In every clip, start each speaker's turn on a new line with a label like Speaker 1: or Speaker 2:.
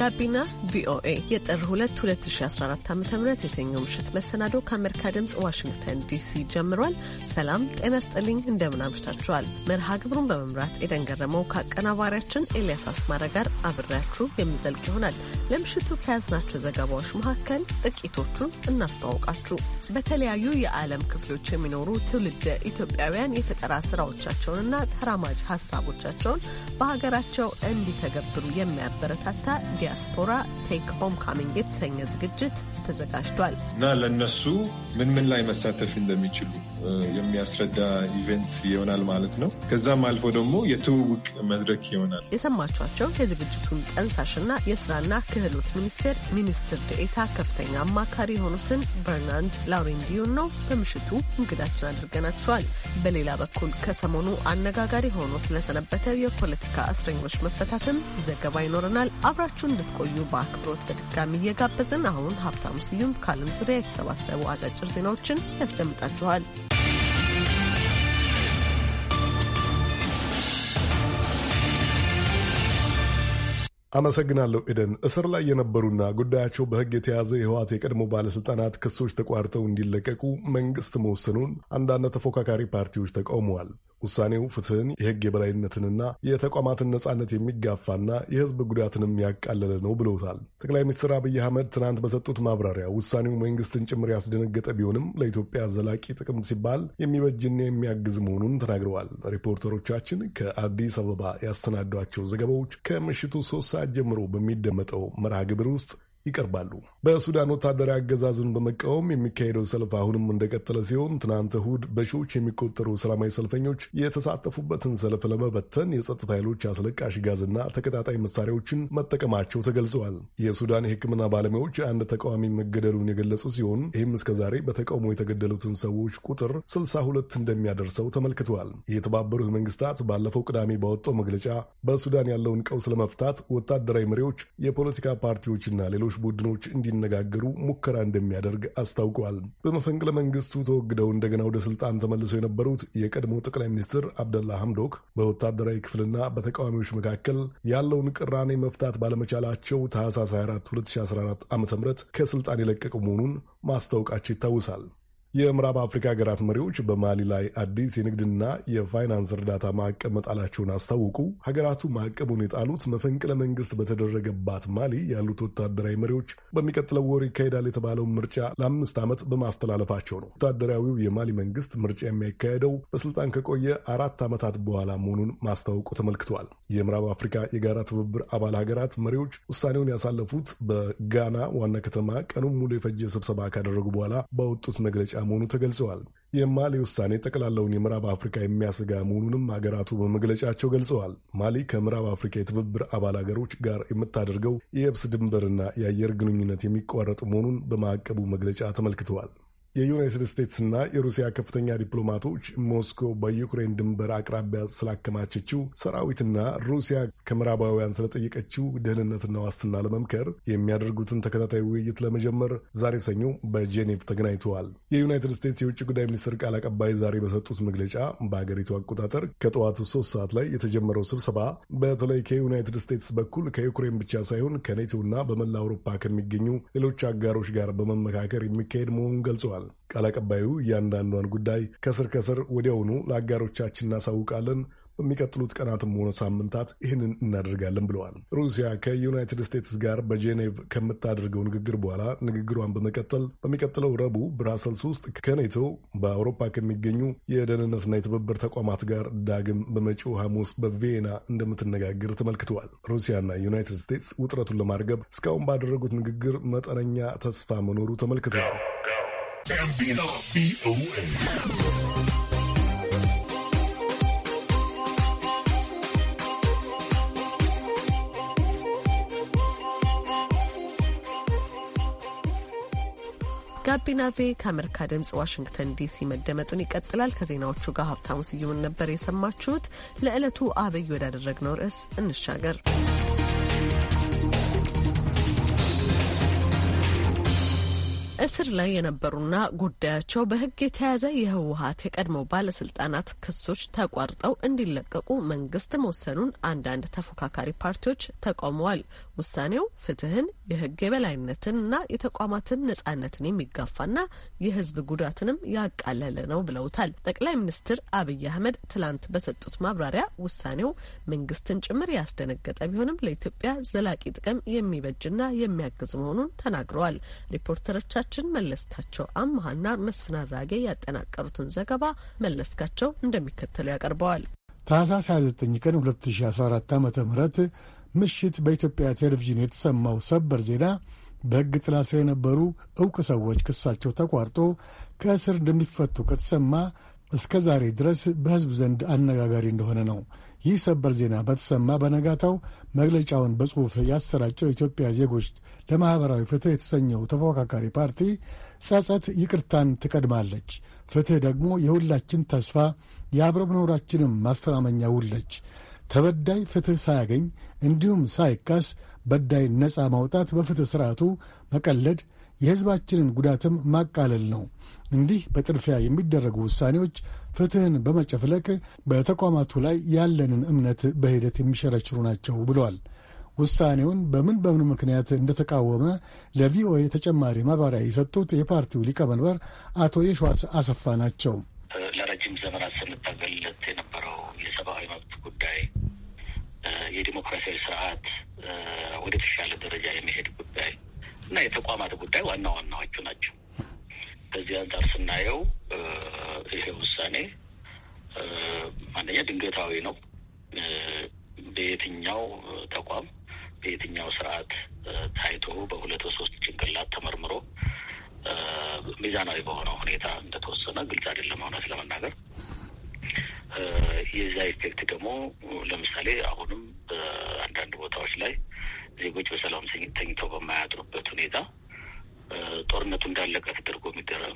Speaker 1: ጋቢና ቪኦኤ የጥር 2 2014 ዓ ም የሰኞ ምሽት መሰናዶ ከአሜሪካ ድምፅ ዋሽንግተን ዲሲ ጀምሯል። ሰላም ጤና ስጠልኝ፣ እንደምን አምሽታችኋል። መርሃ ግብሩን በመምራት ኤደን ገረመው ከአቀናባሪያችን ኤልያስ አስማረ ጋር አብሬያችሁ የሚዘልቅ ይሆናል። ለምሽቱ ከያዝናቸው ዘገባዎች መካከል ጥቂቶቹን እናስተዋውቃችሁ። በተለያዩ የዓለም ክፍሎች የሚኖሩ ትውልደ ኢትዮጵያውያን የፈጠራ ስራዎቻቸውንና ተራማጅ ሀሳቦቻቸውን በሀገራቸው እንዲተገብሩ የሚያበረታታ ዲያስፖራ ቴክ ሆም ካሚንግ የተሰኘ ዝግጅት ተዘጋጅቷል
Speaker 2: እና ለእነሱ ምን ምን ላይ መሳተፍ እንደሚችሉ የሚያስረዳ ኢቨንት ይሆናል ማለት ነው። ከዛም አልፎ ደግሞ የትውውቅ መድረክ ይሆናል።
Speaker 1: የሰማችኋቸው የዝግጅቱን ጠንሳሽና የስራና ክህሎት ሚኒስቴር ሚኒስትር ደኤታ ከፍተኛ አማካሪ የሆኑትን በርናንድ ላውሬንዲዩን ነው በምሽቱ እንግዳችን አድርገናቸዋል። በሌላ በኩል ከሰሞኑ አነጋጋሪ ሆኖ ስለሰነበተ የፖለቲካ እስረኞች መፈታትም ዘገባ ይኖረናል። አብራችሁን እንድትቆዩ በአክብሮት በድጋሚ እየጋበዝን አሁን ሀብታሙ ስዩም ከዓለም ዙሪያ የተሰባሰቡ አጫጭር ዜናዎችን ያስደምጣችኋል።
Speaker 3: አመሰግናለሁ ኤደን። እስር ላይ የነበሩና ጉዳያቸው በሕግ የተያዘ የህወሓት የቀድሞ ባለሥልጣናት ክሶች ተቋርጠው እንዲለቀቁ መንግሥት መወሰኑን አንዳንድ ተፎካካሪ ፓርቲዎች ተቃውመዋል። ውሳኔው ፍትህን፣ የህግ የበላይነትንና የተቋማትን ነጻነት የሚጋፋና የህዝብ ጉዳትንም ያቃለለ ነው ብለውታል። ጠቅላይ ሚኒስትር አብይ አህመድ ትናንት በሰጡት ማብራሪያ ውሳኔው መንግስትን ጭምር ያስደነገጠ ቢሆንም ለኢትዮጵያ ዘላቂ ጥቅም ሲባል የሚበጅና የሚያግዝ መሆኑን ተናግረዋል። ሪፖርተሮቻችን ከአዲስ አበባ ያሰናዷቸው ዘገባዎች ከምሽቱ ሶስት ሰዓት ጀምሮ በሚደመጠው መርሃ ግብር ውስጥ ይቀርባሉ። በሱዳን ወታደራዊ አገዛዙን በመቃወም የሚካሄደው ሰልፍ አሁንም እንደቀጠለ ሲሆን ትናንት እሁድ በሺዎች የሚቆጠሩ ሰላማዊ ሰልፈኞች የተሳተፉበትን ሰልፍ ለመበተን የጸጥታ ኃይሎች አስለቃሽ ጋዝና ተቀጣጣይ መሳሪያዎችን መጠቀማቸው ተገልጸዋል። የሱዳን የሕክምና ባለሙያዎች አንድ ተቃዋሚ መገደሉን የገለጹ ሲሆን ይህም እስከዛሬ በተቃውሞ የተገደሉትን ሰዎች ቁጥር ስልሳ ሁለት እንደሚያደርሰው ተመልክተዋል። የተባበሩት መንግስታት ባለፈው ቅዳሜ ባወጣው መግለጫ በሱዳን ያለውን ቀውስ ለመፍታት ወታደራዊ መሪዎች፣ የፖለቲካ ፓርቲዎችና ሌሎች ቡድኖች እንዲ እንዲነጋገሩ ሙከራ እንደሚያደርግ አስታውቀዋል። በመፈንቅለ መንግስቱ ተወግደው እንደገና ወደ ስልጣን ተመልሰው የነበሩት የቀድሞ ጠቅላይ ሚኒስትር አብደላ ሐምዶክ በወታደራዊ ክፍልና በተቃዋሚዎች መካከል ያለውን ቅራኔ መፍታት ባለመቻላቸው ታህሳስ 24 2014 ዓ ም ከስልጣን የለቀቁ መሆኑን ማስታወቃቸው ይታወሳል። የምዕራብ አፍሪካ ሀገራት መሪዎች በማሊ ላይ አዲስ የንግድና የፋይናንስ እርዳታ ማዕቀብ መጣላቸውን አስታወቁ። ሀገራቱ ማዕቀቡን የጣሉት መፈንቅለ መንግስት በተደረገባት ማሊ ያሉት ወታደራዊ መሪዎች በሚቀጥለው ወር ይካሄዳል የተባለውን ምርጫ ለአምስት ዓመት በማስተላለፋቸው ነው። ወታደራዊው የማሊ መንግስት ምርጫ የሚያካሄደው በስልጣን ከቆየ አራት ዓመታት በኋላ መሆኑን ማስታወቁ ተመልክቷል። የምዕራብ አፍሪካ የጋራ ትብብር አባል ሀገራት መሪዎች ውሳኔውን ያሳለፉት በጋና ዋና ከተማ ቀኑን ሙሉ የፈጀ ስብሰባ ካደረጉ በኋላ ባወጡት መግለጫ መሆኑ ተገልጸዋል። የማሊ ውሳኔ ጠቅላላውን የምዕራብ አፍሪካ የሚያስጋ መሆኑንም ሀገራቱ በመግለጫቸው ገልጸዋል። ማሊ ከምዕራብ አፍሪካ የትብብር አባል ሀገሮች ጋር የምታደርገው የየብስ ድንበርና የአየር ግንኙነት የሚቋረጥ መሆኑን በማዕቀቡ መግለጫ ተመልክተዋል። የዩናይትድ ስቴትስና የሩሲያ ከፍተኛ ዲፕሎማቶች ሞስኮ በዩክሬን ድንበር አቅራቢያ ስላከማቸችው ሰራዊትና ሩሲያ ከምዕራባውያን ስለጠየቀችው ደህንነትና ዋስትና ለመምከር የሚያደርጉትን ተከታታይ ውይይት ለመጀመር ዛሬ ሰኞ በጄኔቭ ተገናኝተዋል። የዩናይትድ ስቴትስ የውጭ ጉዳይ ሚኒስትር ቃል አቀባይ ዛሬ በሰጡት መግለጫ በአገሪቱ አቆጣጠር ከጠዋቱ ሶስት ሰዓት ላይ የተጀመረው ስብሰባ በተለይ ከዩናይትድ ስቴትስ በኩል ከዩክሬን ብቻ ሳይሆን ከኔቶና በመላ አውሮፓ ከሚገኙ ሌሎች አጋሮች ጋር በመመካከር የሚካሄድ መሆኑን ገልጸዋል። ገልጸዋል። ቃል አቀባዩ እያንዳንዷን ጉዳይ ከስር ከስር ወዲያውኑ ለአጋሮቻችን እናሳውቃለን በሚቀጥሉት ቀናትም ሆነ ሳምንታት ይህንን እናደርጋለን ብለዋል። ሩሲያ ከዩናይትድ ስቴትስ ጋር በጄኔቭ ከምታደርገው ንግግር በኋላ ንግግሯን በመቀጠል በሚቀጥለው ረቡዕ ብራሰልስ ውስጥ ከኔቶ በአውሮፓ ከሚገኙ የደህንነትና የትብብር ተቋማት ጋር ዳግም በመጪው ሐሙስ በቪየና እንደምትነጋገር ተመልክተዋል። ሩሲያና ዩናይትድ ስቴትስ ውጥረቱን ለማርገብ እስካሁን ባደረጉት ንግግር መጠነኛ ተስፋ መኖሩ ተመልክተዋል። ጋቢና
Speaker 1: ጋቢና ቬ ከአሜሪካ ድምጽ ዋሽንግተን ዲሲ መደመጡን ይቀጥላል። ከዜናዎቹ ጋር ሀብታሙ ስዩምን ነበር የሰማችሁት። ለዕለቱ አብይ ወዳደረግነው ርዕስ እንሻገር። በእስር ላይ የነበሩና ጉዳያቸው በሕግ የተያዘ የህወሀት የቀድሞ ባለስልጣናት ክሶች ተቋርጠው እንዲለቀቁ መንግስት መወሰኑን አንዳንድ ተፎካካሪ ፓርቲዎች ተቃውመዋል። ውሳኔው ፍትህን፣ የህግ የበላይነትን እና የተቋማትን ነጻነትን የሚጋፋና የህዝብ ጉዳትንም ያቃለለ ነው ብለውታል። ጠቅላይ ሚኒስትር አብይ አህመድ ትላንት በሰጡት ማብራሪያ ውሳኔው መንግስትን ጭምር ያስደነገጠ ቢሆንም ለኢትዮጵያ ዘላቂ ጥቅም የሚበጅና የሚያግዝ መሆኑን ተናግረዋል። ሪፖርተሮቻችን መለስካቸው አመሀና መስፍን አራጌ ያጠናቀሩትን ዘገባ መለስካቸው እንደሚከተሉ ያቀርበዋል።
Speaker 4: ታህሳስ 29 ቀን 2014 ዓ ም ምሽት በኢትዮጵያ ቴሌቪዥን የተሰማው ሰበር ዜና በሕግ ጥላ ስር የነበሩ ዕውቅ ሰዎች ክሳቸው ተቋርጦ ከእስር እንደሚፈቱ ከተሰማ እስከ ዛሬ ድረስ በሕዝብ ዘንድ አነጋጋሪ እንደሆነ ነው። ይህ ሰበር ዜና በተሰማ በነጋታው መግለጫውን በጽሑፍ ያሰራጨው የኢትዮጵያ ዜጎች ለማኅበራዊ ፍትሕ የተሰኘው ተፎካካሪ ፓርቲ ጸጸት ይቅርታን ትቀድማለች፣ ፍትሕ ደግሞ የሁላችን ተስፋ የአብረ መኖራችንም ማስተማመኛ ውለች ተበዳይ ፍትሕ ሳያገኝ እንዲሁም ሳይካስ በዳይ ነፃ ማውጣት በፍትሕ ሥርዓቱ መቀለድ የሕዝባችንን ጉዳትም ማቃለል ነው። እንዲህ በጥድፊያ የሚደረጉ ውሳኔዎች ፍትሕን በመጨፍለቅ በተቋማቱ ላይ ያለንን እምነት በሂደት የሚሸረሽሩ ናቸው ብለዋል። ውሳኔውን በምን በምን ምክንያት እንደተቃወመ ለቪኦኤ ተጨማሪ ማብራሪያ የሰጡት የፓርቲው ሊቀመንበር አቶ የሸዋስ አሰፋ ናቸው።
Speaker 5: ለረጅም ዘመናት ስንታገልለት የሰብአዊ መብት ጉዳይ፣ የዲሞክራሲያዊ ስርዓት ወደ ተሻለ ደረጃ የመሄድ ጉዳይ እና የተቋማት ጉዳይ ዋና ዋናዎቹ ናቸው። ከዚህ አንጻር ስናየው ይሄ ውሳኔ አንደኛ ድንገታዊ ነው። በየትኛው ተቋም በየትኛው ስርዓት ታይቶ በሁለት ሶስት ጭንቅላት ተመርምሮ ሚዛናዊ በሆነ ሁኔታ እንደተወሰነ ግልጽ አይደለም እውነት ለመናገር የዛ ኢፌክት ደግሞ ለምሳሌ አሁንም በአንዳንድ ቦታዎች ላይ ዜጎች በሰላም ተኝተው በማያድሩበት ሁኔታ ጦርነቱ እንዳለቀ ተደርጎ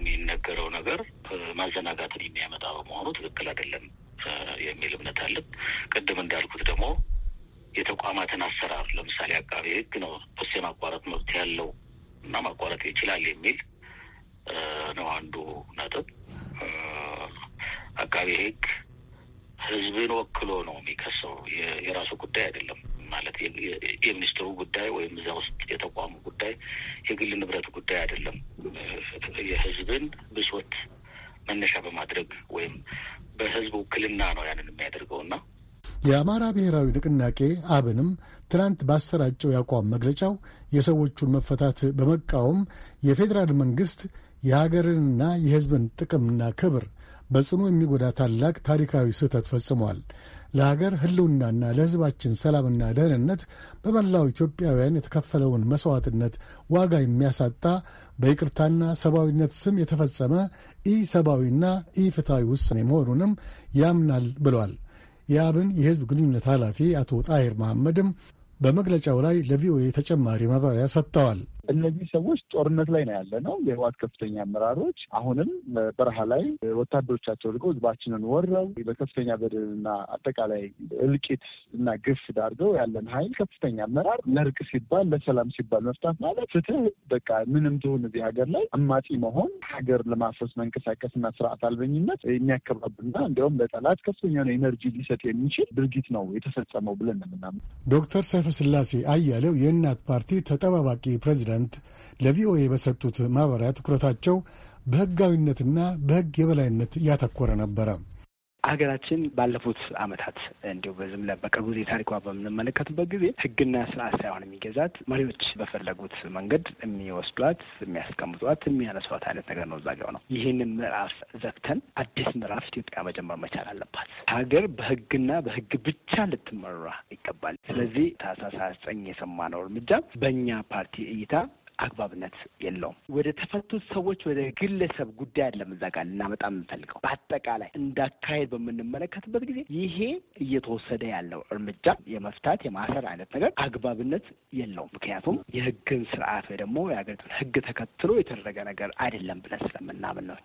Speaker 5: የሚነገረው ነገር ማዘናጋትን የሚያመጣ በመሆኑ ትክክል አይደለም የሚል እምነት አለን። ቅድም እንዳልኩት ደግሞ የተቋማትን አሰራር ለምሳሌ አቃቤ ሕግ ነው ፖስ የማቋረጥ መብት ያለው እና ማቋረጥ ይችላል የሚል ነው አንዱ ነጥብ። አቃቢ ህግ ህዝብን ወክሎ ነው የሚከሰው። የራሱ ጉዳይ አይደለም ማለት የሚኒስትሩ ጉዳይ ወይም እዛ ውስጥ የተቋሙ ጉዳይ የግል ንብረት ጉዳይ አይደለም። የህዝብን ብሶት መነሻ በማድረግ ወይም በህዝብ ውክልና ነው ያንን የሚያደርገው እና
Speaker 4: የአማራ ብሔራዊ ንቅናቄ አብንም ትናንት ባሰራጨው የአቋም መግለጫው የሰዎቹን መፈታት በመቃወም የፌዴራል መንግስት የሀገርንና የህዝብን ጥቅምና ክብር በጽኑ የሚጎዳ ታላቅ ታሪካዊ ስህተት ፈጽሟል። ለሀገር ሕልውናና ለሕዝባችን ሰላምና ደህንነት በመላው ኢትዮጵያውያን የተከፈለውን መሥዋዕትነት ዋጋ የሚያሳጣ በይቅርታና ሰብአዊነት ስም የተፈጸመ ኢ ሰብአዊና ኢ ፍትሐዊ ውሳኔ መሆኑንም ያምናል ብሏል። የአብን የሕዝብ ግንኙነት ኃላፊ አቶ ጣሂር መሐመድም በመግለጫው ላይ ለቪኦኤ ተጨማሪ ማብራሪያ ሰጥተዋል።
Speaker 6: እነዚህ ሰዎች ጦርነት ላይ ነው ያለ ነው። የህወሓት ከፍተኛ አመራሮች አሁንም
Speaker 4: በረሃ ላይ ወታደሮቻቸው ልቀው ህዝባችንን ወረው በከፍተኛ በደልና አጠቃላይ እልቂት እና ግፍ ዳርገው ያለን ሀይል ከፍተኛ አመራር ለእርቅ ሲባል ለሰላም ሲባል መፍታት ማለት ፍትህ በቃ ምንም ትሁን እዚህ ሀገር ላይ አማጺ መሆን ሀገር ለማፍረስ መንቀሳቀስና ስርዓት አልበኝነት የሚያከባብና እንዲሁም ለጠላት ከፍተኛ ነው ኤነርጂ ሊሰጥ የሚችል ድርጊት ነው የተፈጸመው ብለን ነው ዶክተር ሰይፈ ስላሴ አያሌው የእናት ፓርቲ ተጠባባቂ ፕሬዚዳንት ፕሬዚደንት ለቪኦኤ በሰጡት ማብራሪያ ትኩረታቸው በሕጋዊነትና በሕግ የበላይነት እያተኮረ ነበረ።
Speaker 7: ሀገራችን ባለፉት አመታት እንዲሁ በዝም ላ በቅርብ ጊዜ ታሪኳ በምንመለከትበት ጊዜ ህግና ስርዓት ሳይሆን የሚገዛት መሪዎች በፈለጉት መንገድ የሚወስዷት፣ የሚያስቀምጧት፣ የሚያነሷት አይነት ነገር ነው። እዛጋው ነው። ይህንን ምዕራፍ ዘግተን አዲስ ምዕራፍ ኢትዮጵያ መጀመር መቻል አለባት። ሀገር በህግና በህግ ብቻ ልትመራ ይገባል። ስለዚህ ታህሳስ ሃያ ዘጠኝ የሰማነው እርምጃ በእኛ ፓርቲ እይታ አግባብነት የለውም። ወደ ተፈቱት ሰዎች ወደ ግለሰብ ጉዳይ አይደለም እዛ ጋር ልናመጣ የምንፈልገው። በአጠቃላይ እንዳካሄድ በምንመለከትበት ጊዜ ይሄ እየተወሰደ ያለው እርምጃ የመፍታት የማሰር አይነት ነገር አግባብነት የለውም። ምክንያቱም የህግን ስርዓት ወይ ደግሞ የሀገሪቱን ህግ ተከትሎ የተደረገ ነገር አይደለም ብለን ስለምናምን ነው።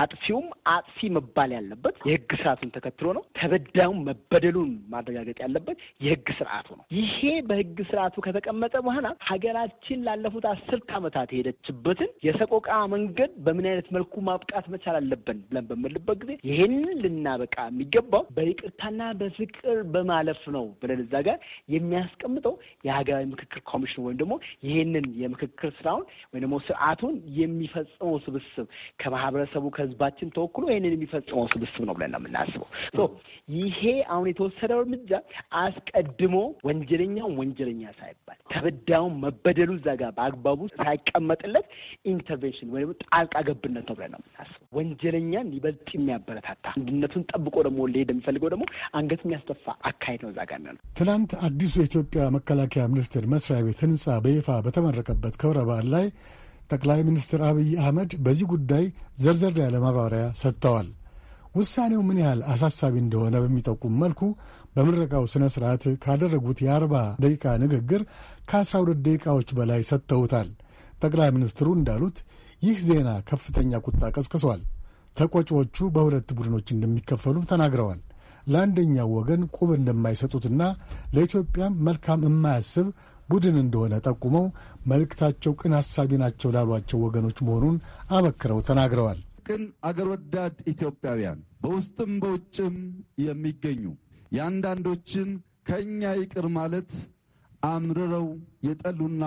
Speaker 7: አጥፊውም አጥፊ መባል ያለበት የህግ ስርዓቱን ተከትሎ ነው። ተበዳዩም መበደሉን ማረጋገጥ ያለበት የህግ ስርዓቱ ነው። ይሄ በህግ ስርዓቱ ከተቀመጠ በኋላ ሀገራችን ላለፉት አስርት ዓመታት የሄደችበትን የሰቆቃ መንገድ በምን አይነት መልኩ ማብቃት መቻል አለብን ብለን በምልበት ጊዜ ይህንን ልናበቃ የሚገባው በይቅርታና በፍቅር በማለፍ ነው ብለን እዛ ጋር የሚያስቀምጠው የሀገራዊ ምክክር ኮሚሽን ወይም ደግሞ ይህንን የምክክር ስራውን ወይም ደግሞ ስርዓቱን የሚፈጽመው ስብስብ ከማህበረሰቡ ህብረተሰቡ ከህዝባችን ተወክሎ ይህንን የሚፈጽመው ስብስብ ነው ብለን ነው የምናስበው። ይሄ አሁን የተወሰደው እርምጃ አስቀድሞ ወንጀለኛውን ወንጀለኛ ሳይባል ተበዳዩን መበደሉ እዛ ጋር በአግባቡ ሳይቀመጥለት ኢንተርቬንሽን ወይም ጣልቃ ገብነት ነው ብለን ነው የምናስበው። ወንጀለኛን ይበልጥ የሚያበረታታ አንድነቱን ጠብቆ ደግሞ ሊሄድ የሚፈልገው ደግሞ አንገት የሚያስተፋ አካሄድ ነው እዛ ጋር ነው።
Speaker 4: ትናንት አዲሱ የኢትዮጵያ መከላከያ ሚኒስቴር መስሪያ ቤት ህንጻ በይፋ በተመረቀበት ክብረ በዓል ላይ ጠቅላይ ሚኒስትር አብይ አህመድ በዚህ ጉዳይ ዘርዘር ያለ ማብራሪያ ሰጥተዋል። ውሳኔው ምን ያህል አሳሳቢ እንደሆነ በሚጠቁም መልኩ በምረቃው ሥነ-ሥርዓት ካደረጉት የአርባ ደቂቃ ንግግር ከአስራ ሁለት ደቂቃዎች በላይ ሰጥተውታል። ጠቅላይ ሚኒስትሩ እንዳሉት ይህ ዜና ከፍተኛ ቁጣ ቀስቅሷል። ተቆጪዎቹ በሁለት ቡድኖች እንደሚከፈሉ ተናግረዋል። ለአንደኛው ወገን ቁብ እንደማይሰጡትና ለኢትዮጵያም መልካም የማያስብ ቡድን እንደሆነ ጠቁመው መልእክታቸው ቅን ሀሳቢ ናቸው ላሏቸው ወገኖች መሆኑን አበክረው ተናግረዋል።
Speaker 6: ቅን አገር ወዳድ ኢትዮጵያውያን በውስጥም በውጭም የሚገኙ የአንዳንዶችን ከእኛ ይቅር ማለት አምርረው የጠሉና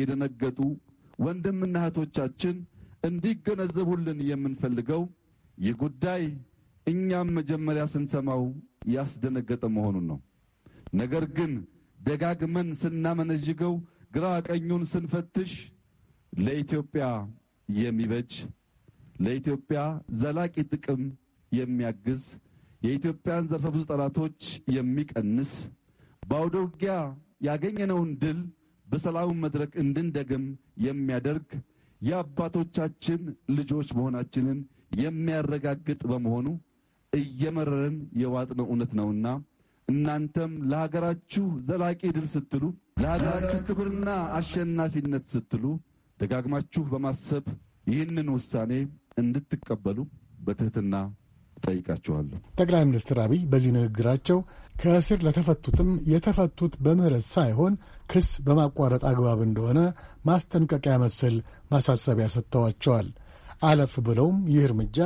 Speaker 6: የደነገጡ ወንድምና እህቶቻችን እንዲገነዘቡልን የምንፈልገው ይህ ጉዳይ እኛም መጀመሪያ ስንሰማው ያስደነገጠ መሆኑን ነው። ነገር ግን ደጋግመን ስናመነዥገው፣ ግራ ቀኙን ስንፈትሽ ለኢትዮጵያ የሚበጅ ለኢትዮጵያ ዘላቂ ጥቅም የሚያግዝ የኢትዮጵያን ዘርፈ ብዙ ጠላቶች የሚቀንስ በአውደ ውጊያ ያገኘነውን ድል በሰላም መድረክ እንድንደግም የሚያደርግ የአባቶቻችን ልጆች መሆናችንን የሚያረጋግጥ በመሆኑ እየመረረን የዋጥነው እውነት ነውና እናንተም ለሀገራችሁ ዘላቂ ድል ስትሉ፣ ለሀገራችሁ ክብርና አሸናፊነት ስትሉ ደጋግማችሁ በማሰብ ይህንን ውሳኔ እንድትቀበሉ በትህትና ጠይቃችኋለሁ።
Speaker 4: ጠቅላይ ሚኒስትር አብይ በዚህ ንግግራቸው ከእስር ለተፈቱትም የተፈቱት በምህረት ሳይሆን ክስ በማቋረጥ አግባብ እንደሆነ ማስጠንቀቂያ መሰል ማሳሰቢያ ሰጥተዋቸዋል። አለፍ ብለውም ይህ እርምጃ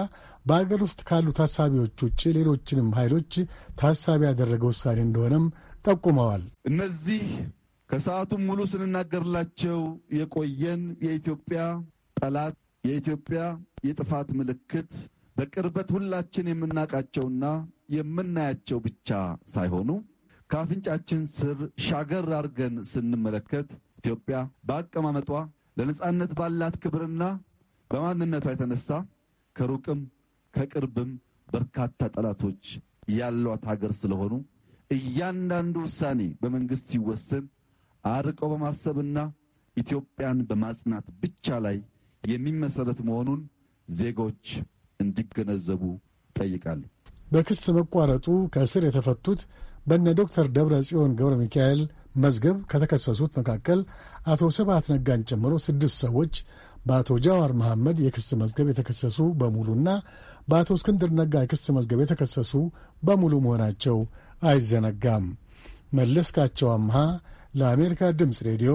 Speaker 4: በአገር ውስጥ ካሉ ታሳቢዎች ውጭ ሌሎችንም ኃይሎች ታሳቢ ያደረገ ውሳኔ እንደሆነም ጠቁመዋል።
Speaker 6: እነዚህ ከሰዓቱም ሙሉ ስንናገርላቸው የቆየን የኢትዮጵያ ጠላት የኢትዮጵያ የጥፋት ምልክት በቅርበት ሁላችን የምናውቃቸውና የምናያቸው ብቻ ሳይሆኑ ከአፍንጫችን ስር ሻገር አድርገን ስንመለከት ኢትዮጵያ በአቀማመጧ ለነፃነት ባላት ክብርና በማንነቷ የተነሳ ከሩቅም ከቅርብም በርካታ ጠላቶች ያሏት ሀገር ስለሆኑ እያንዳንዱ ውሳኔ በመንግስት ሲወሰን አርቀው በማሰብና ኢትዮጵያን በማጽናት ብቻ ላይ የሚመሰረት መሆኑን ዜጎች እንዲገነዘቡ ጠይቃል።
Speaker 4: በክስ መቋረጡ ከእስር የተፈቱት በነ ዶክተር ደብረ ጽዮን ገብረ ሚካኤል መዝገብ ከተከሰሱት መካከል አቶ ስብሐት ነጋን ጨምሮ ስድስት ሰዎች በአቶ ጃዋር መሐመድ የክስ መዝገብ የተከሰሱ በሙሉና በአቶ እስክንድር ነጋ የክስ መዝገብ የተከሰሱ በሙሉ መሆናቸው አይዘነጋም። መለስካቸው አምሃ ለአሜሪካ ድምፅ ሬዲዮ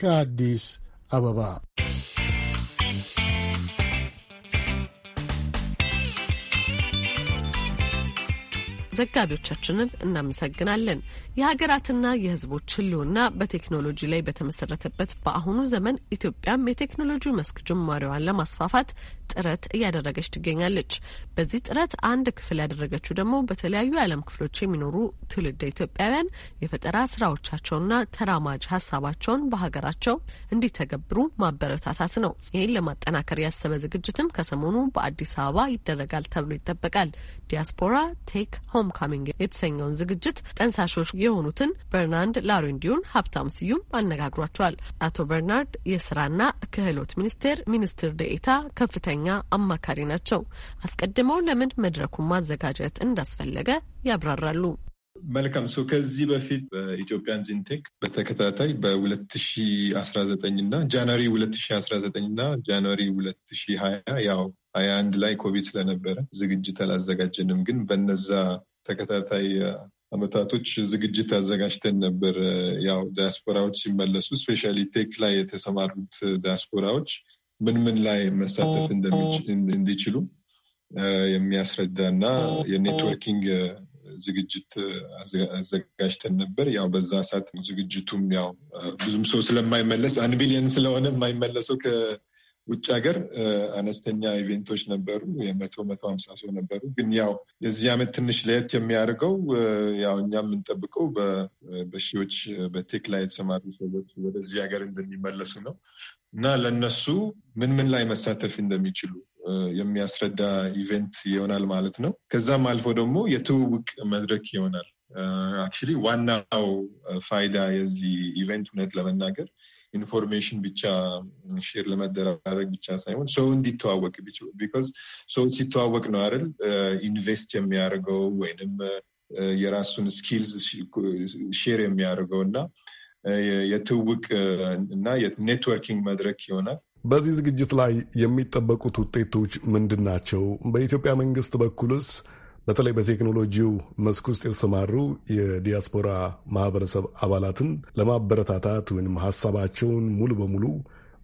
Speaker 4: ከአዲስ
Speaker 1: አበባ ዘጋቢዎቻችንን እናመሰግናለን። የሀገራትና የሕዝቦች ህልውና በቴክኖሎጂ ላይ በተመሰረተበት በአሁኑ ዘመን ኢትዮጵያም የቴክኖሎጂ መስክ ጅማሬዋን ለማስፋፋት ጥረት እያደረገች ትገኛለች። በዚህ ጥረት አንድ ክፍል ያደረገችው ደግሞ በተለያዩ የዓለም ክፍሎች የሚኖሩ ትውልደ ኢትዮጵያውያን የፈጠራ ስራዎቻቸውና ተራማጅ ሀሳባቸውን በሀገራቸው እንዲተገብሩ ማበረታታት ነው። ይህን ለማጠናከር ያሰበ ዝግጅትም ከሰሞኑ በአዲስ አበባ ይደረጋል ተብሎ ይጠበቃል። ዲያስፖራ ቴክ ሆምካሚንግ የተሰኘውን ዝግጅት ጠንሳሾች የሆኑትን በርናንድ ላሩ እንዲሁን ሀብታም ስዩም አነጋግሯቸዋል። አቶ በርናርድ የስራና ክህሎት ሚኒስቴር ሚኒስትር ደኤታ ከፍተኛ አማካሪ ናቸው። አስቀድመው ለምን መድረኩን ማዘጋጀት እንዳስፈለገ ያብራራሉ።
Speaker 2: መልካም ሰው ከዚህ በፊት በኢትዮጵያን ዚንቴክ በተከታታይ በ2019 እና ጃንዋሪ 2019 እና ጃንዋሪ 2020 ያው ሀያ አንድ ላይ ኮቪድ ስለነበረ ዝግጅት አላዘጋጀንም። ግን በነዛ ተከታታይ አመታቶች ዝግጅት አዘጋጅተን ነበር። ያው ዲያስፖራዎች ሲመለሱ ስፔሻሊ ቴክ ላይ የተሰማሩት ዲያስፖራዎች ምን ምን ላይ መሳተፍ እንዲችሉ የሚያስረዳ እና የኔትወርኪንግ ዝግጅት አዘጋጅተን ነበር። ያው በዛ ሰዓት ዝግጅቱም ያው ብዙም ሰው ስለማይመለስ አንድ ቢሊዮን ስለሆነ የማይመለሰው ከውጭ ሀገር አነስተኛ ኢቬንቶች ነበሩ። የመቶ መቶ ሀምሳ ሰው ነበሩ። ግን ያው የዚህ ዓመት ትንሽ ለየት የሚያደርገው ያው እኛ የምንጠብቀው በሺዎች በቴክ ላይ የተሰማሩ ሰዎች ወደዚህ ሀገር እንደሚመለሱ ነው እና ለእነሱ ምን ምን ላይ መሳተፍ እንደሚችሉ የሚያስረዳ ኢቨንት ይሆናል ማለት ነው። ከዛም አልፎ ደግሞ የትውውቅ መድረክ ይሆናል። አክቹሊ ዋናው ፋይዳ የዚህ ኢቨንት እውነት ለመናገር ኢንፎርሜሽን ብቻ ሼር ለመደራረግ ብቻ ሳይሆን ሰው እንዲተዋወቅ ቢኮዝ ሰው ሲተዋወቅ ነው አይደል ኢንቨስት የሚያደርገው ወይንም የራሱን ስኪልዝ ሼር የሚያደርገው እና የትውውቅ እና ኔትወርኪንግ መድረክ ይሆናል።
Speaker 3: በዚህ ዝግጅት ላይ የሚጠበቁት ውጤቶች ምንድን ናቸው? በኢትዮጵያ መንግስት በኩልስ በተለይ በቴክኖሎጂው መስክ ውስጥ የተሰማሩ የዲያስፖራ ማህበረሰብ አባላትን ለማበረታታት ወይም ሀሳባቸውን ሙሉ በሙሉ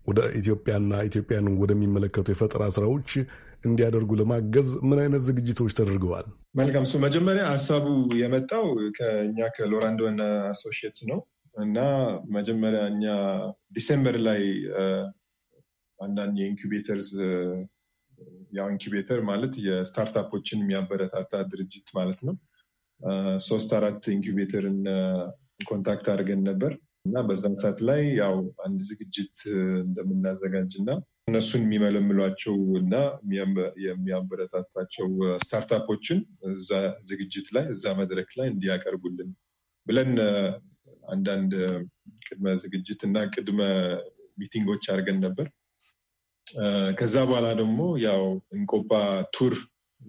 Speaker 3: ወደ ኢትዮጵያና ኢትዮጵያን ወደሚመለከቱ የፈጠራ ስራዎች እንዲያደርጉ ለማገዝ ምን አይነት ዝግጅቶች ተደርገዋል?
Speaker 2: መልካም ሱ መጀመሪያ ሀሳቡ የመጣው ከእኛ ከሎራንዶ እና አሶሺየትስ ነው እና መጀመሪያ እኛ ዲሴምበር ላይ አንዳንድ የኢንኩቤተርስ ያው ኢንኩቤተር ማለት የስታርታፖችን የሚያበረታታ ድርጅት ማለት ነው። ሶስት አራት ኢንኩቤተርን ኮንታክት አድርገን ነበር እና በዛን ሰዓት ላይ ያው አንድ ዝግጅት እንደምናዘጋጅ እና እነሱን የሚመለምሏቸው እና የሚያበረታታቸው ስታርታፖችን እዛ ዝግጅት ላይ እዛ መድረክ ላይ እንዲያቀርቡልን ብለን አንዳንድ ቅድመ ዝግጅት እና ቅድመ ሚቲንጎች አድርገን ነበር። ከዛ በኋላ ደግሞ ያው እንቆባ ቱር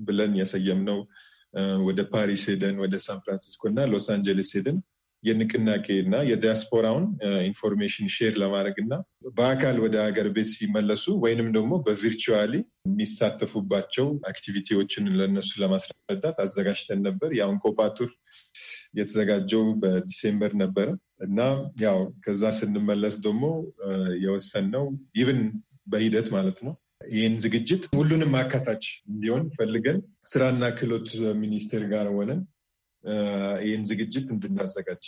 Speaker 2: ብለን የሰየምነው ወደ ፓሪስ ሄደን ወደ ሳን ፍራንሲስኮ እና ሎስ አንጀለስ ሄደን የንቅናቄ እና የዲያስፖራውን ኢንፎርሜሽን ሼር ለማድረግ እና በአካል ወደ ሀገር ቤት ሲመለሱ ወይንም ደግሞ በቪርቹዋሊ የሚሳተፉባቸው አክቲቪቲዎችን ለነሱ ለማስረዳት አዘጋጅተን ነበር። ያው እንቆባ ቱር የተዘጋጀው በዲሴምበር ነበረ እና ያው ከዛ ስንመለስ ደግሞ ነው ኢቭን በሂደት ማለት ነው። ይህን ዝግጅት ሁሉንም አካታች እንዲሆን ፈልገን ስራና ክህሎት ሚኒስቴር ጋር ሆነን ይህን ዝግጅት እንድናዘጋጅ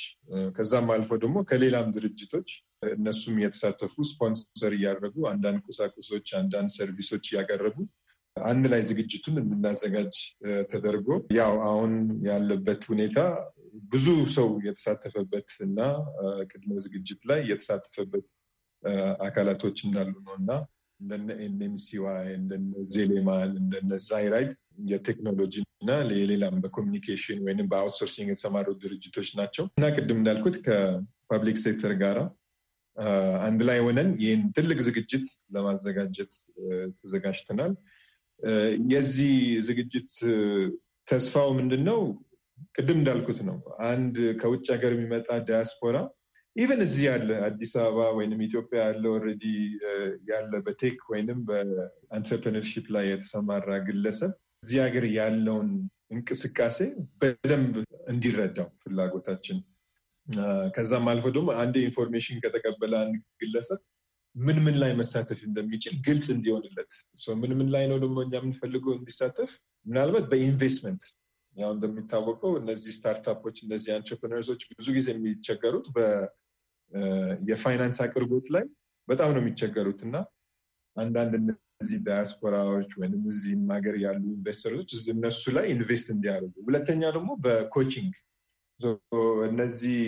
Speaker 2: ከዛም አልፎ ደግሞ ከሌላም ድርጅቶች እነሱም የተሳተፉ ስፖንሰር እያደረጉ አንዳንድ ቁሳቁሶች፣ አንዳንድ ሰርቪሶች እያቀረቡ አንድ ላይ ዝግጅቱን እንድናዘጋጅ ተደርጎ ያው አሁን ያለበት ሁኔታ ብዙ ሰው የተሳተፈበት እና ቅድመ ዝግጅት ላይ የተሳተፈበት አካላቶች እንዳሉ ነው እና እንደነ ኤንኤምሲዋይ እንደነ ዜሌማን እንደነ ዛይራይድ የቴክኖሎጂ እና የሌላም በኮሚኒኬሽን ወይም በአውትሶርሲንግ የተሰማሩ ድርጅቶች ናቸው እና ቅድም እንዳልኩት ከፐብሊክ ሴክተር ጋራ አንድ ላይ ሆነን ይህን ትልቅ ዝግጅት ለማዘጋጀት ተዘጋጅተናል። የዚህ ዝግጅት ተስፋው ምንድን ነው? ቅድም እንዳልኩት ነው። አንድ ከውጭ ሀገር የሚመጣ ዲያስፖራ ኢቨን እዚህ ያለ አዲስ አበባ ወይም ኢትዮጵያ ያለ ኦልሬዲ uh, ያለ በቴክ ወይንም በአንትረፕረነርሺፕ ላይ የተሰማራ ግለሰብ እዚህ ሀገር ያለውን እንቅስቃሴ በደንብ እንዲረዳው ፍላጎታችን uh, ከዛም አልፎ ደግሞ አንድ ኢንፎርሜሽን ከተቀበለ አንድ ግለሰብ ምን ምን ላይ መሳተፍ እንደሚችል ግልጽ እንዲሆንለት ምን ምን ላይ ነው ደግሞ እኛ የምንፈልገው እንዲሳተፍ ምናልባት በኢንቨስትመንት ያው እንደሚታወቀው እነዚህ ስታርታፖች እነዚህ አንትርፕነርሶች ብዙ ጊዜ የሚቸገሩት የፋይናንስ አቅርቦት ላይ በጣም ነው የሚቸገሩት እና አንዳንድ እነዚህ ዳያስፖራዎች ወይም እዚህም ሀገር ያሉ ኢንቨስተሮች እነሱ ላይ ኢንቨስት እንዲያደርጉ፣ ሁለተኛ ደግሞ በኮችንግ እነዚህ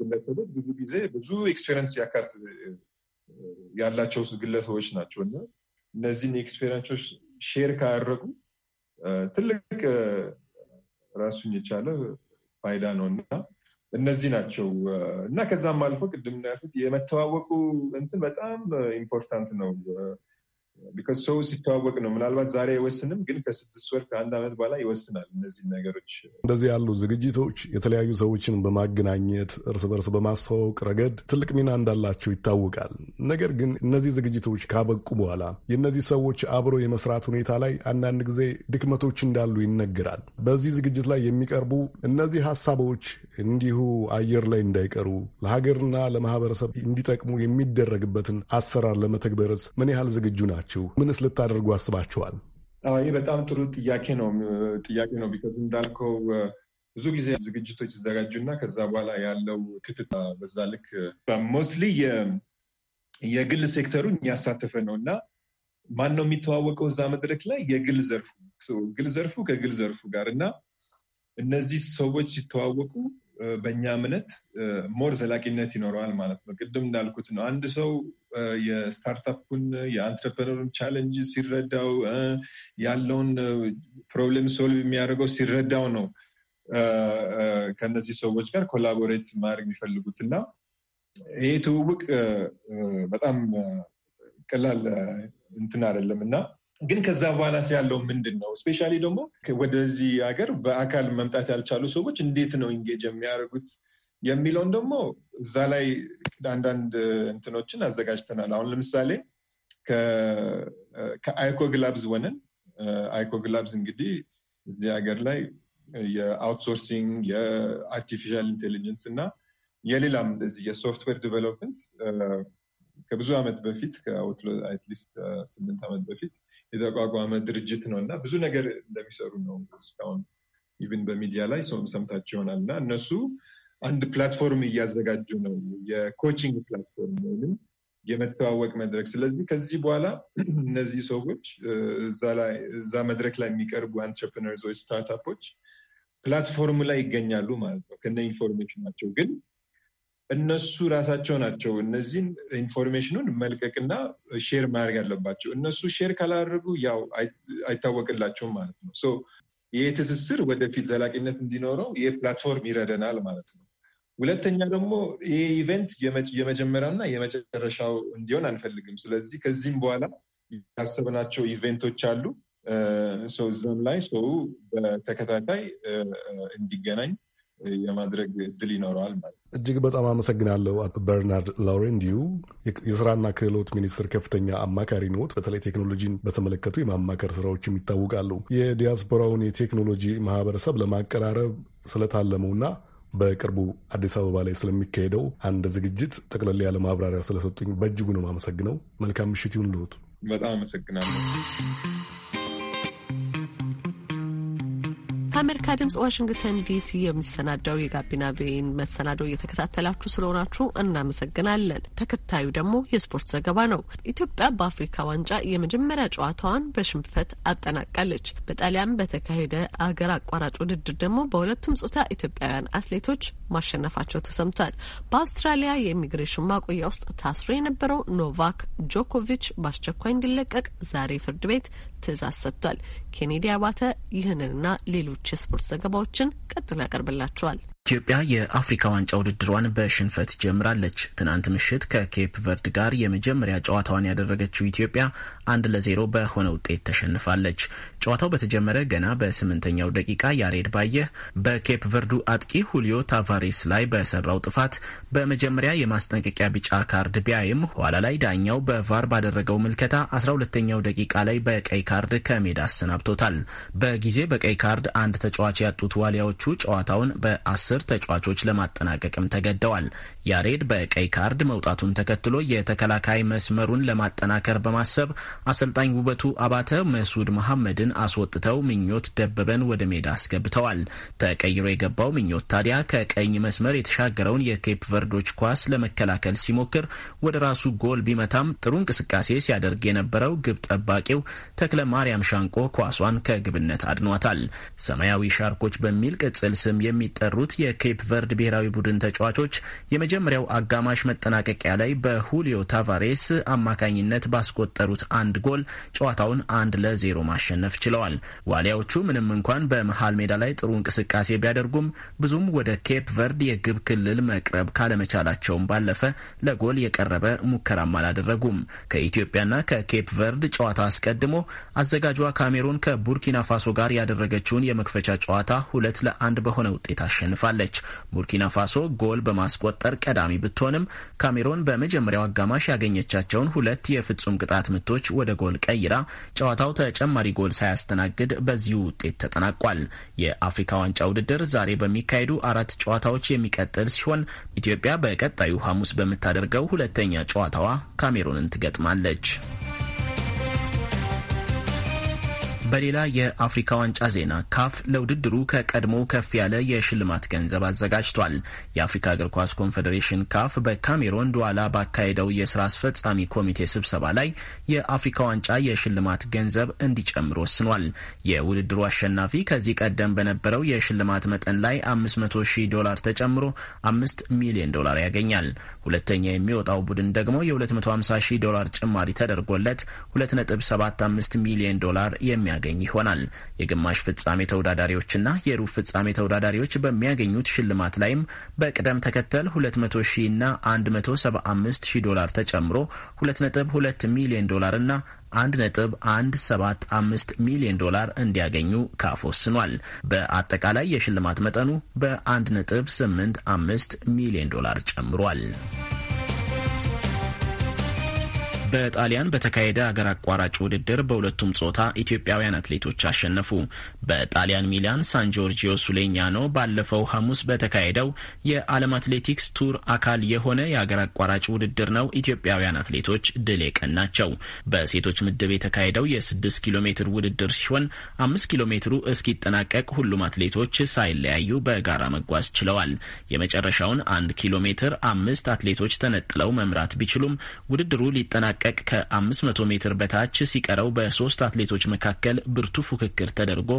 Speaker 2: ግለሰቦች ብዙ ጊዜ ብዙ ኤክስፔሪንስ ያካት ያላቸው ግለሰቦች ናቸው እና እነዚህን ኤክስፔሪንሶች ሼር ካያደረጉ ትልቅ ራሱን የቻለ ፋይዳ ነው እና እነዚህ ናቸው እና ከዛም አልፎ ቅድም እንዳልኩት የመተዋወቁ እንትን በጣም ኢምፖርታንት ነው። ቢካዝ ሰው ሲተዋወቅ ነው። ምናልባት ዛሬ አይወስንም፣ ግን ከስድስት ወር ከአንድ ዓመት በኋላ ይወስናል። እነዚህ ነገሮች
Speaker 3: እንደዚህ ያሉ ዝግጅቶች የተለያዩ ሰዎችን በማገናኘት እርስ በርስ በማስተዋወቅ ረገድ ትልቅ ሚና እንዳላቸው ይታወቃል። ነገር ግን እነዚህ ዝግጅቶች ካበቁ በኋላ የእነዚህ ሰዎች አብሮ የመስራት ሁኔታ ላይ አንዳንድ ጊዜ ድክመቶች እንዳሉ ይነገራል። በዚህ ዝግጅት ላይ የሚቀርቡ እነዚህ ሀሳቦች እንዲሁ አየር ላይ እንዳይቀሩ ለሀገርና ለማህበረሰብ እንዲጠቅሙ የሚደረግበትን አሰራር ለመተግበርስ ምን ያህል ዝግጁ ናቸው? ናችሁ? ምንስ ልታደርጉ አስባችኋል?
Speaker 2: ይህ በጣም ጥሩ ጥያቄ ነው ጥያቄ ነው ቢከዝ እንዳልከው ብዙ ጊዜ ዝግጅቶች እና ከዛ በኋላ ያለው ክትት በዛ ልክ ሞስትሊ የግል ሴክተሩን እያሳተፈ ነው እና ማን ነው የሚተዋወቀው እዛ መድረክ ላይ የግል ዘርፉ ግል ዘርፉ ከግል ዘርፉ ጋር እና እነዚህ ሰዎች ሲተዋወቁ በእኛ እምነት ሞር ዘላቂነት ይኖረዋል ማለት ነው። ቅድም እንዳልኩት ነው። አንድ ሰው የስታርታፑን የአንትረፕረነሩን ቻለንጅ ሲረዳው ያለውን ፕሮብሌም ሶልቭ የሚያደርገው ሲረዳው ነው ከነዚህ ሰዎች ጋር ኮላቦሬት ማድረግ የሚፈልጉት እና ይሄ ትውውቅ በጣም ቀላል እንትን አይደለም እና ግን ከዛ በኋላ ያለው ምንድን ነው? እስፔሻሊ ደግሞ ወደዚህ ሀገር በአካል መምጣት ያልቻሉ ሰዎች እንዴት ነው ኢንጌጅ የሚያደርጉት የሚለውን ደግሞ እዛ ላይ አንዳንድ እንትኖችን አዘጋጅተናል። አሁን ለምሳሌ ከአይኮግላብዝ ሆነን አይኮግላብዝ እንግዲህ እዚህ ሀገር ላይ የአውትሶርሲንግ የአርቲፊሻል ኢንቴሊጀንስ እና የሌላም እንደዚህ የሶፍትዌር ዲቨሎፕመንት ከብዙ ዓመት በፊት ከአትሊስት ስምንት ዓመት በፊት የተቋቋመ ድርጅት ነው እና ብዙ ነገር እንደሚሰሩ ነው እስካሁን ኢቭን በሚዲያ ላይ ሰውም ሰምታችሁ ይሆናል እና እነሱ አንድ ፕላትፎርም እያዘጋጁ ነው፣ የኮችንግ ፕላትፎርም ወይም የመተዋወቅ መድረክ። ስለዚህ ከዚህ በኋላ እነዚህ ሰዎች እዛ መድረክ ላይ የሚቀርቡ አንትርፕነርዞች፣ ስታርታፖች ፕላትፎርም ላይ ይገኛሉ ማለት ነው ከነ ኢንፎርሜሽናቸው ግን እነሱ ራሳቸው ናቸው እነዚህን ኢንፎርሜሽኑን መልቀቅና ሼር ማድረግ ያለባቸው። እነሱ ሼር ካላደረጉ ያው አይታወቅላቸውም ማለት ነው። ሶ ይህ ትስስር ወደፊት ዘላቂነት እንዲኖረው ይህ ፕላትፎርም ይረደናል ማለት ነው። ሁለተኛ ደግሞ ይህ ኢቨንት የመጀመሪያውና የመጨረሻው እንዲሆን አንፈልግም። ስለዚህ ከዚህም በኋላ ያሰብናቸው ኢቨንቶች አሉ። ሰው እዛም ላይ ሰው በተከታታይ እንዲገናኝ የማድረግ እድል ይኖረዋል ማለት ነው።
Speaker 3: እጅግ በጣም አመሰግናለሁ አቶ በርናርድ ላውሬንዲዩ የስራና ክህሎት ሚኒስትር ከፍተኛ አማካሪ ኖት። በተለይ ቴክኖሎጂን በተመለከቱ የማማከር ስራዎችም ይታወቃሉ። የዲያስፖራውን የቴክኖሎጂ ማህበረሰብ ለማቀራረብ ስለታለመውና በቅርቡ አዲስ አበባ ላይ ስለሚካሄደው አንድ ዝግጅት ጠቅለል ያለ ማብራሪያ ስለሰጡኝ በእጅጉ ነው የማመሰግነው። መልካም ምሽት ይሁን ልሁት።
Speaker 2: በጣም አመሰግናለሁ።
Speaker 1: ከአሜሪካ ድምጽ ዋሽንግተን ዲሲ የሚሰናዳው የጋቢና ቪኦኤን መሰናዶ እየተከታተላችሁ ስለሆናችሁ እናመሰግናለን። ተከታዩ ደግሞ የስፖርት ዘገባ ነው። ኢትዮጵያ በአፍሪካ ዋንጫ የመጀመሪያ ጨዋታዋን በሽንፈት አጠናቃለች። በጣሊያን በተካሄደ አገር አቋራጭ ውድድር ደግሞ በሁለቱም ጾታ ኢትዮጵያውያን አትሌቶች ማሸነፋቸው ተሰምቷል። በአውስትራሊያ የኢሚግሬሽን ማቆያ ውስጥ ታስሮ የነበረው ኖቫክ ጆኮቪች በአስቸኳይ እንዲለቀቅ ዛሬ ፍርድ ቤት ትዕዛዝ ሰጥቷል። ኬኔዲ አባተ ይህንንና ሌሎች የስፖርት ዘገባዎችን ቀጥሎ ያቀርብላቸዋል
Speaker 8: ኢትዮጵያ የአፍሪካ ዋንጫ ውድድሯን በሽንፈት ጀምራለች። ትናንት ምሽት ከኬፕ ቨርድ ጋር የመጀመሪያ ጨዋታዋን ያደረገችው ኢትዮጵያ አንድ ለዜሮ በሆነ ውጤት ተሸንፋለች። ጨዋታው በተጀመረ ገና በስምንተኛው ደቂቃ ያሬድ ባየ በኬፕ ቨርዱ አጥቂ ሁሊዮ ታቫሬስ ላይ በሰራው ጥፋት በመጀመሪያ የማስጠንቀቂያ ቢጫ ካርድ ቢያይም ኋላ ላይ ዳኛው በቫር ባደረገው ምልከታ አስራ ሁለተኛው ደቂቃ ላይ በቀይ ካርድ ከሜዳ አሰናብቶታል። በጊዜ በቀይ ካርድ አንድ ተጫዋች ያጡት ዋሊያዎቹ ጨዋታውን በአስ አስር ተጫዋቾች ለማጠናቀቅም ተገደዋል። ያሬድ በቀይ ካርድ መውጣቱን ተከትሎ የተከላካይ መስመሩን ለማጠናከር በማሰብ አሰልጣኝ ውበቱ አባተ መስዑድ መሐመድን አስወጥተው ምኞት ደበበን ወደ ሜዳ አስገብተዋል። ተቀይሮ የገባው ምኞት ታዲያ ከቀኝ መስመር የተሻገረውን የኬፕ ቨርዶች ኳስ ለመከላከል ሲሞክር ወደ ራሱ ጎል ቢመታም ጥሩ እንቅስቃሴ ሲያደርግ የነበረው ግብ ጠባቂው ተክለ ማርያም ሻንቆ ኳሷን ከግብነት አድኗታል። ሰማያዊ ሻርኮች በሚል ቅጽል ስም የሚጠሩት የኬፕ ቨርድ ብሔራዊ ቡድን ተጫዋቾች የመጀመሪያው አጋማሽ መጠናቀቂያ ላይ በሁሊዮ ታቫሬስ አማካኝነት ባስቆጠሩት አንድ ጎል ጨዋታውን አንድ ለዜሮ ማሸነፍ ችለዋል። ዋሊያዎቹ ምንም እንኳን በመሀል ሜዳ ላይ ጥሩ እንቅስቃሴ ቢያደርጉም ብዙም ወደ ኬፕ ቨርድ የግብ ክልል መቅረብ ካለመቻላቸውም ባለፈ ለጎል የቀረበ ሙከራም አላደረጉም። ከኢትዮጵያና ከኬፕ ቨርድ ጨዋታ አስቀድሞ አዘጋጇ ካሜሩን ከቡርኪና ፋሶ ጋር ያደረገችውን የመክፈቻ ጨዋታ ሁለት ለአንድ በሆነ ውጤት አሸንፋል አስቆጥራለች። ቡርኪና ፋሶ ጎል በማስቆጠር ቀዳሚ ብትሆንም ካሜሮን በመጀመሪያው አጋማሽ ያገኘቻቸውን ሁለት የፍጹም ቅጣት ምቶች ወደ ጎል ቀይራ ጨዋታው ተጨማሪ ጎል ሳያስተናግድ በዚሁ ውጤት ተጠናቋል። የአፍሪካ ዋንጫ ውድድር ዛሬ በሚካሄዱ አራት ጨዋታዎች የሚቀጥል ሲሆን ኢትዮጵያ በቀጣዩ ሐሙስ በምታደርገው ሁለተኛ ጨዋታዋ ካሜሩንን ትገጥማለች። በሌላ የአፍሪካ ዋንጫ ዜና ካፍ ለውድድሩ ከቀድሞ ከፍ ያለ የሽልማት ገንዘብ አዘጋጅቷል። የአፍሪካ እግር ኳስ ኮንፌዴሬሽን ካፍ በካሜሮን ድዋላ ባካሄደው የስራ አስፈጻሚ ኮሚቴ ስብሰባ ላይ የአፍሪካ ዋንጫ የሽልማት ገንዘብ እንዲጨምር ወስኗል። የውድድሩ አሸናፊ ከዚህ ቀደም በነበረው የሽልማት መጠን ላይ 500 ሺህ ዶላር ተጨምሮ 5 ሚሊዮን ዶላር ያገኛል። ሁለተኛ የሚወጣው ቡድን ደግሞ የ250 ሺህ ዶላር ጭማሪ ተደርጎለት 2.75 ሚሊዮን ዶላር የሚያ የሚያገኝ ይሆናል። የግማሽ ፍጻሜ ተወዳዳሪዎችና የሩብ ፍጻሜ ተወዳዳሪዎች በሚያገኙት ሽልማት ላይም በቅደም ተከተል 200 ሺና 175 ሺ ዶላር ተጨምሮ 2.2 ሚሊዮን ዶላር ዶላርና 1.175 ሚሊዮን ዶላር እንዲያገኙ ካፍ ወስኗል። በአጠቃላይ የሽልማት መጠኑ በ1.85 ሚሊዮን ዶላር ጨምሯል። በጣሊያን በተካሄደ አገር አቋራጭ ውድድር በሁለቱም ጾታ ኢትዮጵያውያን አትሌቶች አሸነፉ። በጣሊያን ሚላን ሳን ጆርጂዮ ሱሌኛኖ ባለፈው ሐሙስ በተካሄደው የዓለም አትሌቲክስ ቱር አካል የሆነ የአገር አቋራጭ ውድድር ነው ኢትዮጵያውያን አትሌቶች ድል የቀናቸው። በሴቶች ምድብ የተካሄደው የ 6 ኪሎ ሜትር ውድድር ሲሆን አምስት ኪሎ ሜትሩ እስኪጠናቀቅ ሁሉም አትሌቶች ሳይለያዩ በጋራ መጓዝ ችለዋል። የመጨረሻውን አንድ ኪሎ ሜትር አምስት አትሌቶች ተነጥለው መምራት ቢችሉም ውድድሩ ሊጠናቀቅ ሊጠናቀቅ ከ500 ሜትር በታች ሲቀረው በሶስት አትሌቶች መካከል ብርቱ ፉክክር ተደርጎ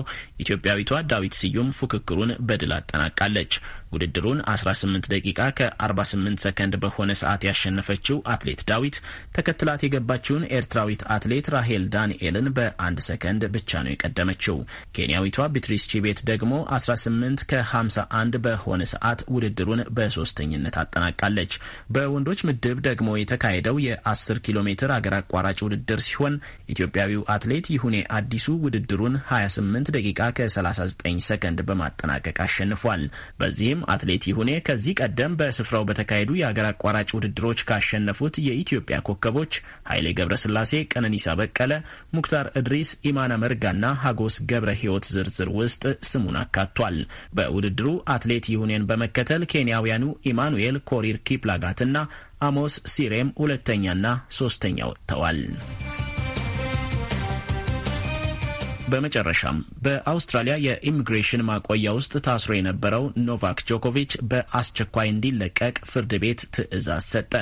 Speaker 8: ኢትዮጵያዊቷ ዳዊት ስዩም ፉክክሩን በድል አጠናቃለች። ውድድሩን 18 ደቂቃ ከ48 ሰከንድ በሆነ ሰዓት ያሸነፈችው አትሌት ዳዊት ተከትላት የገባችውን ኤርትራዊት አትሌት ራሄል ዳንኤልን በአንድ ሰከንድ ብቻ ነው የቀደመችው። ኬንያዊቷ ቢትሪስ ቺቤት ደግሞ 18 ከ51 በሆነ ሰዓት ውድድሩን በሶስተኝነት አጠናቃለች። በወንዶች ምድብ ደግሞ የተካሄደው የ10 ኪሎ ሜትር አገር አቋራጭ ውድድር ሲሆን ኢትዮጵያዊው አትሌት ይሁኔ አዲሱ ውድድሩን 28 ደቂቃ ከ39 ሰከንድ በማጠናቀቅ አሸንፏል። በዚህም አትሌት ይሁኔ ከዚህ ቀደም በስፍራው በተካሄዱ የአገር አቋራጭ ውድድሮች ካሸነፉት የኢትዮጵያ ኮከቦች ኃይሌ ገብረስላሴ፣ ቀነኒሳ በቀለ፣ ሙክታር እድሪስ፣ ኢማነ መርጋና ሀጎስ ገብረ ሕይወት ዝርዝር ውስጥ ስሙን አካቷል። በውድድሩ አትሌት ይሁኔን በመከተል ኬንያውያኑ ኢማኑኤል ኮሪር ኪፕላጋትና አሞስ ሲሬም ሁለተኛና ሶስተኛ ወጥተዋል። በመጨረሻም በአውስትራሊያ የኢሚግሬሽን ማቆያ ውስጥ ታስሮ የነበረው ኖቫክ ጆኮቪች በአስቸኳይ እንዲለቀቅ ፍርድ ቤት ትዕዛዝ ሰጠ።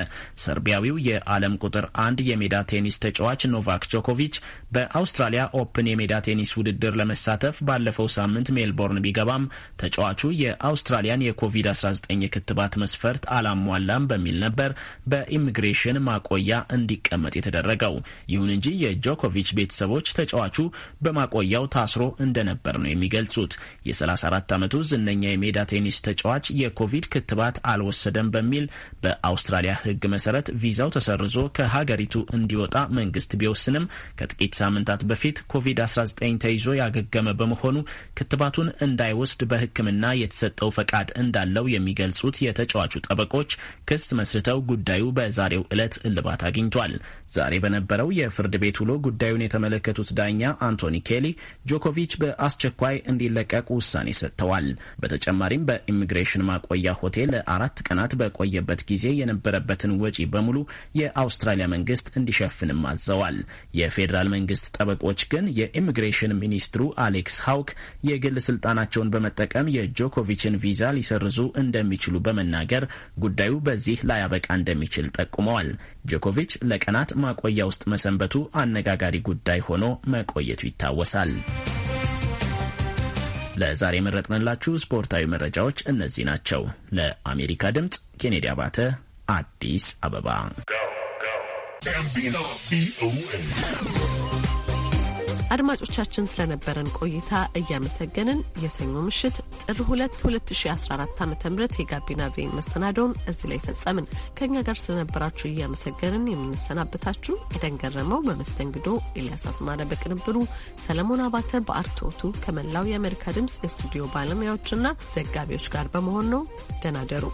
Speaker 8: ሰርቢያዊው የዓለም ቁጥር አንድ የሜዳ ቴኒስ ተጫዋች ኖቫክ ጆኮቪች በአውስትራሊያ ኦፕን የሜዳ ቴኒስ ውድድር ለመሳተፍ ባለፈው ሳምንት ሜልቦርን ቢገባም ተጫዋቹ የአውስትራሊያን የኮቪድ-19 የክትባት መስፈርት አላሟላም በሚል ነበር በኢሚግሬሽን ማቆያ እንዲቀመጥ የተደረገው። ይሁን እንጂ የጆኮቪች ቤተሰቦች ተጫዋቹ በማቆ በመቆያው ታስሮ እንደነበር ነው የሚገልጹት። የ34 ዓመቱ ዝነኛ የሜዳ ቴኒስ ተጫዋች የኮቪድ ክትባት አልወሰደም በሚል በአውስትራሊያ ሕግ መሰረት ቪዛው ተሰርዞ ከሀገሪቱ እንዲወጣ መንግስት ቢወስንም ከጥቂት ሳምንታት በፊት ኮቪድ-19 ተይዞ ያገገመ በመሆኑ ክትባቱን እንዳይወስድ በሕክምና የተሰጠው ፈቃድ እንዳለው የሚገልጹት የተጫዋቹ ጠበቆች ክስ መስርተው ጉዳዩ በዛሬው ዕለት እልባት አግኝቷል። ዛሬ በነበረው የፍርድ ቤት ውሎ ጉዳዩን የተመለከቱት ዳኛ አንቶኒ ኬል ሬሊ ጆኮቪች በአስቸኳይ እንዲለቀቅ ውሳኔ ሰጥተዋል። በተጨማሪም በኢሚግሬሽን ማቆያ ሆቴል ለአራት ቀናት በቆየበት ጊዜ የነበረበትን ወጪ በሙሉ የአውስትራሊያ መንግስት እንዲሸፍንም አዘዋል። የፌዴራል መንግስት ጠበቆች ግን የኢሚግሬሽን ሚኒስትሩ አሌክስ ሀውክ የግል ስልጣናቸውን በመጠቀም የጆኮቪችን ቪዛ ሊሰርዙ እንደሚችሉ በመናገር ጉዳዩ በዚህ ላያበቃ እንደሚችል ጠቁመዋል። ጆኮቪች ለቀናት ማቆያ ውስጥ መሰንበቱ አነጋጋሪ ጉዳይ ሆኖ መቆየቱ ይታወሳል። ይመለሳል። ለዛሬ የመረጥንላችሁ ስፖርታዊ መረጃዎች እነዚህ ናቸው። ለአሜሪካ ድምፅ ኬኔዲ አባተ፣ አዲስ አበባ።
Speaker 1: አድማጮቻችን ስለነበረን ቆይታ እያመሰገንን የሰኞ ምሽት ጥር 2 2014 ዓ ም የጋቢና ቬ መሰናደውን እዚህ ላይ ፈጸምን። ከእኛ ጋር ስለነበራችሁ እያመሰገንን የምንሰናበታችሁ ኤደን ገረመው በመስተንግዶ፣ ኤልያስ አስማረ በቅንብሩ፣ ሰለሞን አባተ በአርቶቱ ከመላው የአሜሪካ ድምፅ የስቱዲዮ ባለሙያዎችና ዘጋቢዎች ጋር በመሆን ነው። ደናደሩ